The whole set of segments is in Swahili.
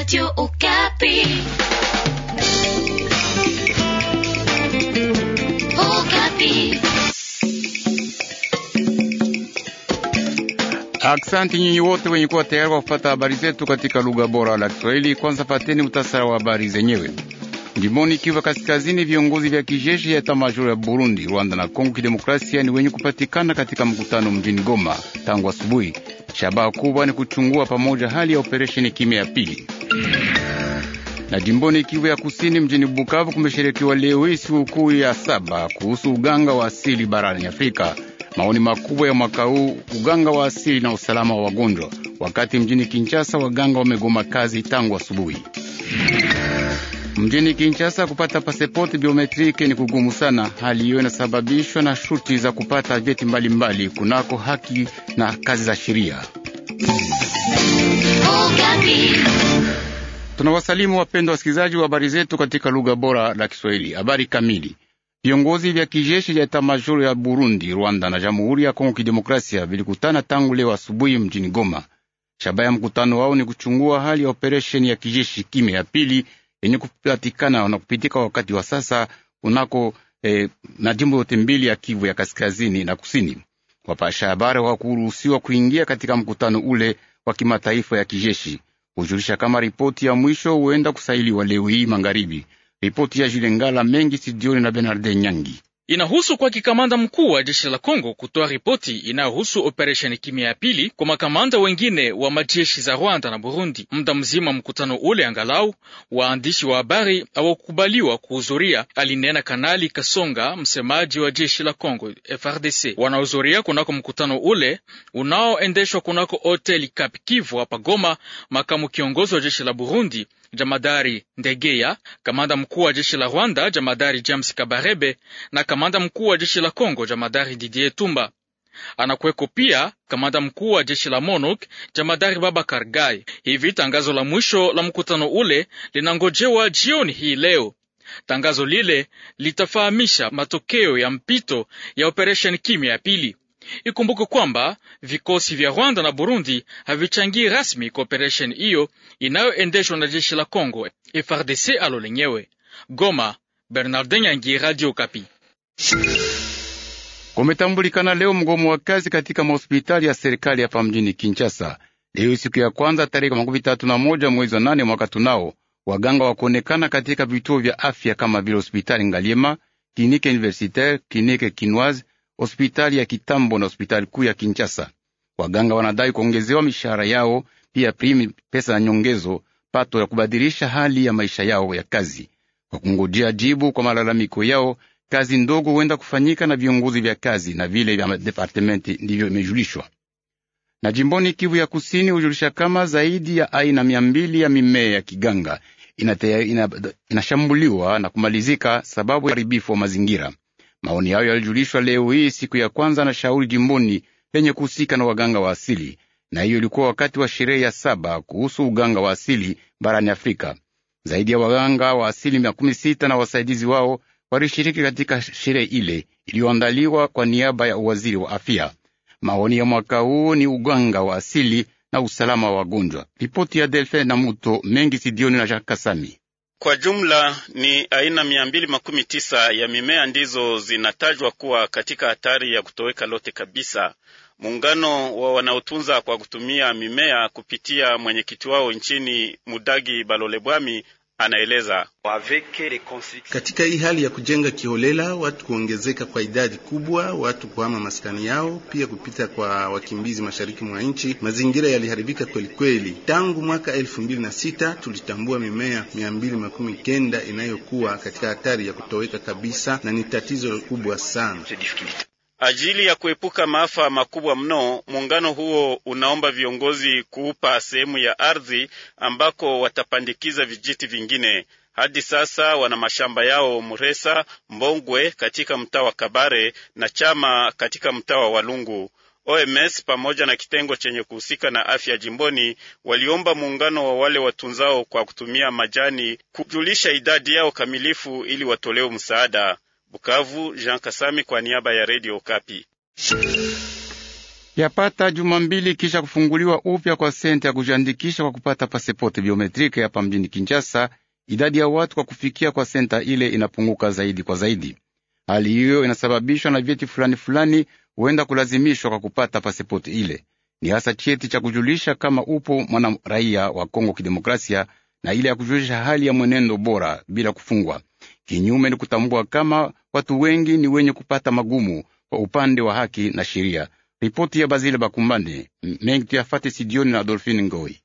Radio Okapi. Okapi. Aksanti nyinyi wote wenye kuwa tayari kwa kupata habari zetu katika lugha bora la Kiswahili. Kwanza pateni mutasara wa habari zenyewe. Jimboni Kivu Kaskazini, viongozi vya kijeshi ya etamajoro ya Burundi, Rwanda na Kongo Kidemokrasia ni wenye kupatikana katika mkutano mjini Goma tangu asubuhi. Shabaha kubwa ni kuchungua pamoja hali ya operesheni kimya ya pili. Na jimboni Kivu ya Kusini, mjini Bukavu, kumesherekewa leo hii sikukuu ya saba kuhusu uganga wa asili barani Afrika. Maoni makubwa ya mwaka huu uganga wa asili na usalama wa wagonjwa, wakati mjini Kinshasa waganga wamegoma kazi tangu asubuhi. Mjini Kinshasa kupata pasipoti biometrike ni kugumu sana. Hali hiyo inasababishwa na shuti za kupata vyeti mbalimbali kunako haki na kazi za sheria. Tunawasalimu wapendwa wasikilizaji wa habari zetu katika lugha bora la Kiswahili. Habari kamili. Viongozi vya kijeshi vya tamajoro ya Burundi, Rwanda na Jamhuri ya Kongo Kidemokrasia vilikutana tangu leo asubuhi mjini Goma. Shabaha ya mkutano wao ni kuchungua hali ya operesheni ya kijeshi kime ya pili yenye kupatikana na kupitika wakati wa sasa unako eh, na jimbo yote mbili ya Kivu ya kaskazini na kusini. Wapasha habari hawakuruhusiwa kuingia katika mkutano ule wa kimataifa ya kijeshi, kujulisha kama ripoti ya mwisho huenda kusailiwa leo hii magharibi. Ripoti ya Jilengala mengi sidioni na Bernarde Nyangi inahusu kwa kamanda mkuu wa jeshi la Kongo kutoa ripoti inayohusu operesheni kimya ya pili kwa makamanda wengine wa majeshi za Rwanda na Burundi. Muda mzima mkutano ule, angalau waandishi wa habari hawakukubaliwa kuhudhuria, alinena Kanali Kasonga, msemaji wa jeshi la Kongo FRDC. Wanahudhuria kunako mkutano ule unaoendeshwa kunako hoteli Kapkivu hapa Goma, makamu kiongozi wa jeshi la Burundi Jamadari Ndegeya, kamanda mkuu wa jeshi la Rwanda Jamadari James Kabarebe na kamanda mkuu wa jeshi la congo Jamadari Didier Tumba. Anakuweko pia kamanda mkuu wa jeshi la MONUC Jamadari Baba Kargai. Hivi tangazo la mwisho la mkutano ule linangojewa jioni hii leo. Tangazo lile litafahamisha matokeo ya mpito ya operesheni kimya ya pili. Ikumbuke kwamba vikosi vya Rwanda na Burundi havichangii rasmi kwa operesheni hiyo inayoendeshwa na jeshi la Congo FRDC alo lenyewe. Goma, Bernardin Nyangi, Radio Kapi. Kumetambulikana leo mgomo wa kazi katika mahospitali ya serikali hapa mjini Kinshasa. Leo siku ya kwanza tarehe makumi tatu na moja mwezi wa nane mwaka tunao, waganga kuonekana katika vituo vya afya kama vile hospitali Ngaliema, klinike universitaire, klinike kinoise hospitali ya kitambo na hospitali kuu ya Kinshasa. Waganga wanadai kuongezewa mishahara yao, pia primi, pesa na nyongezo, pato ya kubadilisha hali ya maisha yao ya kazi. Kwa kungojea jibu kwa malalamiko yao, kazi ndogo huenda kufanyika na viongozi vya kazi na vile vya departementi, ndivyo imejulishwa. Na jimboni Kivu ya Kusini hujulisha kama zaidi ya aina mia mbili ya mimea ya kiganga inashambuliwa ina, inashambuliwa na kumalizika sababu ya uharibifu wa mazingira. Maoni hayo yalijulishwa leo hii siku ya kwanza na shauri jimboni lenye kuhusika na waganga wa asili, na hiyo ilikuwa wakati wa sherehe ya saba kuhusu uganga wa asili barani Afrika. Zaidi ya waganga wa asili mia kumi sita na wasaidizi wao walishiriki katika sherehe ile iliyoandaliwa kwa niaba ya uwaziri wa afya. Maoni ya mwaka huu ni uganga wa asili na usalama wa wagonjwa. Ripoti ya Delfe na Muto Mengi Sidioni na Jakasami. Kwa jumla ni aina mia mbili makumi tisa ya mimea ndizo zinatajwa kuwa katika hatari ya kutoweka lote kabisa. Muungano wa wanaotunza kwa kutumia mimea kupitia mwenyekiti wao nchini Mudagi Balolebwami anaeleza katika hii hali ya kujenga kiholela, watu kuongezeka kwa idadi kubwa, watu kuhama maskani yao, pia kupita kwa wakimbizi mashariki mwa nchi, mazingira yaliharibika kweli kweli. Tangu mwaka elfu mbili na sita tulitambua mimea mia mbili makumi kenda inayokuwa katika hatari ya kutoweka kabisa, na ni tatizo kubwa sana. Ajili ya kuepuka maafa makubwa mno, muungano huo unaomba viongozi kuupa sehemu ya ardhi ambako watapandikiza vijiti vingine. Hadi sasa wana mashamba yao Muresa, Mbongwe katika mtaa wa Kabare na Chama katika mtaa wa Walungu. OMS pamoja na kitengo chenye kuhusika na afya jimboni waliomba muungano wa wale watunzao kwa kutumia majani kujulisha idadi yao kamilifu ili watolewe msaada. Bukavu, Jean Kasami kwa niaba ya Radio Okapi. Yapata juma mbili kisha kufunguliwa upya kwa senta ya kujiandikisha kwa kupata pasipoti biometrike hapa mjini Kinshasa, idadi ya watu kwa kufikia kwa senta ile inapunguka zaidi kwa zaidi. Hali hiyo inasababishwa na vyeti fulani fulani huenda kulazimishwa kwa kupata pasipoti ile, ni hasa cheti cha kujulisha kama upo mwana raia wa Kongo Kidemokrasia na ile ya kujulisha hali ya mwenendo bora bila kufungwa. Kinyume ni kutambua kama watu wengi ni wenye kupata magumu kwa upande wa haki na sheria. Ripoti ya Bazile Bakumbane mengi tuyafate sidioni na Adolfine Ngoi.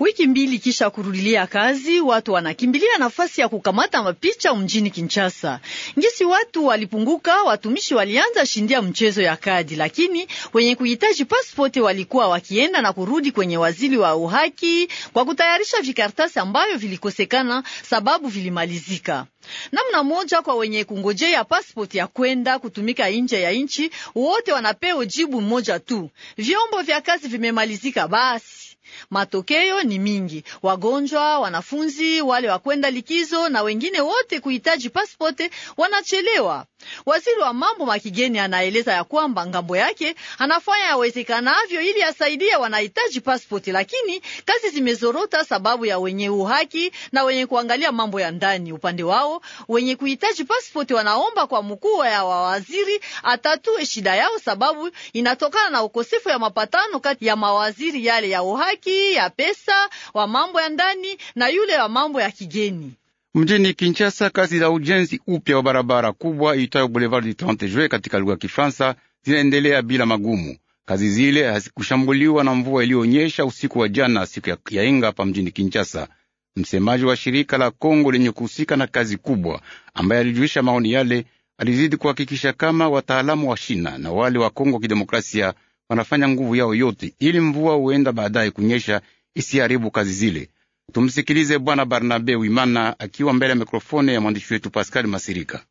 Wiki mbili kisha kurudilia kazi, watu wanakimbilia nafasi ya kukamata mapicha mjini Kinshasa. Ngisi watu walipunguka, watumishi walianza shindia mchezo ya kadi, lakini wenye kuhitaji pasipoti walikuwa wakienda na kurudi kwenye wazili wa uhaki kwa kutayarisha vikartasi ambayo vilikosekana sababu vilimalizika. Namna moja kwa wenye kungojea pasipoti ya kwenda kutumika nje ya nchi, wote wanapewa jibu moja tu: vyombo vya kazi vimemalizika. Basi Matokeo ni mingi: wagonjwa, wanafunzi, wale wakwenda likizo na wengine wote kuhitaji pasipoti wanachelewa. Waziri wa mambo makigeni anaeleza ya kwamba ngambo yake anafanya yawezekanavyo ili asaidie wanahitaji pasipoti, lakini kazi zimezorota sababu ya wenye uhaki na wenye kuangalia mambo ya ndani. Upande wao wenye kuhitaji pasipoti wanaomba kwa mkuu ya wawaziri atatue shida yao, sababu inatokana na ukosefu ya mapatano kati ya mawaziri yale ya uhaki haki ya pesa wa mambo ya ndani na yule wa mambo ya kigeni. Mjini Kinshasa, kazi za ujenzi upya wa barabara kubwa iitwayo Boulevard du 30 Juin katika lugha ya Kifaransa zinaendelea bila magumu. Kazi zile hazikushambuliwa na mvua iliyonyesha usiku wa jana, siku ya, ya inga hapa mjini Kinshasa. Msemaji wa shirika la Kongo lenye kuhusika na kazi kubwa, ambaye alijulisha maoni yale, alizidi kuhakikisha kama wataalamu wa shina na wale wa Kongo kidemokrasia wanafanya nguvu yao yote ili mvua huenda baadaye kunyesha isiharibu kazi zile. Tumsikilize Bwana Barnabe Wimana akiwa mbele ya mikrofone ya mwandishi wetu Paskali Masirika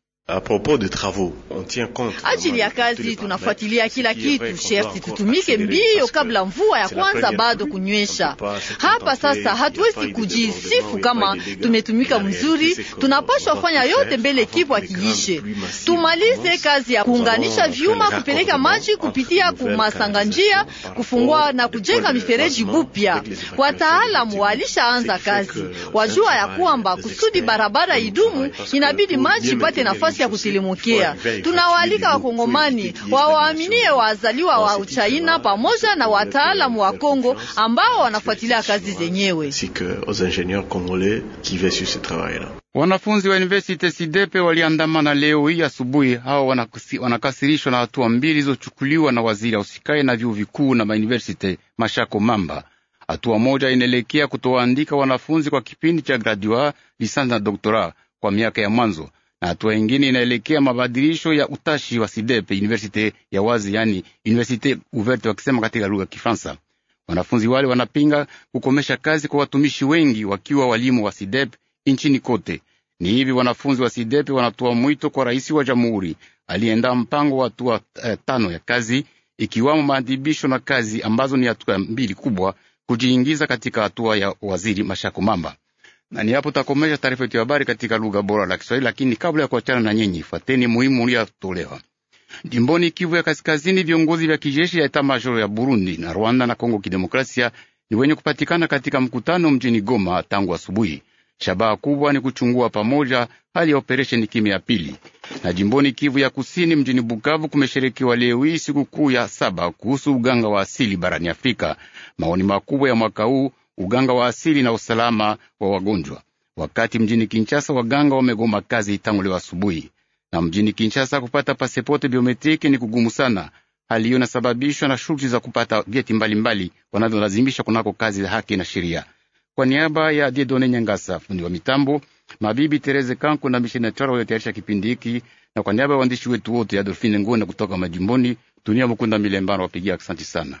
ajili ya kazi tunafuatilia kila kitu, sherti tutumike mbio kabla mvua ya kwanza bado kunyesha. Hapa sasa hatuwezi kujisifu kama tumetumika mzuri, tunapashwa fanya yote mbele kipwa kiishe. Tumalize kazi ya kuunganisha vyuma, kupeleka maji kupitia kumasanga njia, kufungua na kujenga mifereji bupya. Wataalamu walishaanza kazi, wajua ya kwamba kusudi barabara idumu inabidi maji ipate nafasi nafasi ya kusilimukia. Tunawaalika wakongomani wawaaminie wazaliwa wa Uchaina pamoja na wataalamu wa Kongo ambao wanafuatilia kazi zenyewe. Wanafunzi wa Universite Sidepe waliandamana leo hii asubuhi. Hawa wanakasirishwa na hatua mbili zilizochukuliwa na waziri ausikaye na vyuo vikuu na mauniversite Mashako Mamba. Hatua moja inaelekea kutowaandika wanafunzi kwa kipindi cha gradua, lisansi na doktora kwa miaka ya mwanzo, na hatua ingine inaelekea mabadilisho ya utashi wa SIDEP, universite ya wazi, yani universite ouverte wakisema katika lugha ya Kifaransa. Wanafunzi wale wanapinga kukomesha kazi kwa watumishi wengi wakiwa walimu wa SIDEP nchini kote. Ni hivi wanafunzi wa SIDEP wanatoa mwito kwa rais wa jamhuri aliyeandaa mpango wa hatua eh, tano ya kazi ikiwamo maadhibisho na kazi ambazo ni hatua mbili kubwa kujiingiza katika hatua ya waziri Mashako Mamba na ni hapo takomesha taarifa yetu ya habari katika lugha bora la Kiswahili. Lakini kabla ya kuachana na nyinyi, fuateni muhimu uliotolewa jimboni Kivu ya Kaskazini. Viongozi vya kijeshi ya majoro ya Burundi na Rwanda na Kongo Kidemokrasia ni wenye kupatikana katika mkutano mjini Goma tangu asubuhi. Shabaha kubwa ni kuchungua pamoja hali ya operesheni kimya ya pili. Na jimboni Kivu ya Kusini, mjini Bukavu, kumesherekewa leo hii sikukuu ya saba kuhusu uganga wa asili barani Afrika. Maoni makubwa ya mwaka huu uganga wa asili na usalama wa wagonjwa. Wakati mjini Kinshasa waganga wamegoma kazi tangu leo asubuhi, na mjini Kinshasa kupata pasipoti biometriki ni kugumu sana. Hali hiyo inasababishwa na shughuli za kupata vyeti mbalimbali wanavyolazimisha kunako kazi za haki na sheria. Kwa niaba ya Diedone Nyangasa, fundi wa mitambo, mabibi Tereze Kanko na Mishina Chora waliotayarisha kipindi hiki, na kwa niaba ya waandishi wetu wote, Adolfine Ngona kutoka majimboni, Dunia Mukunda Milembano wapigia asanti sana.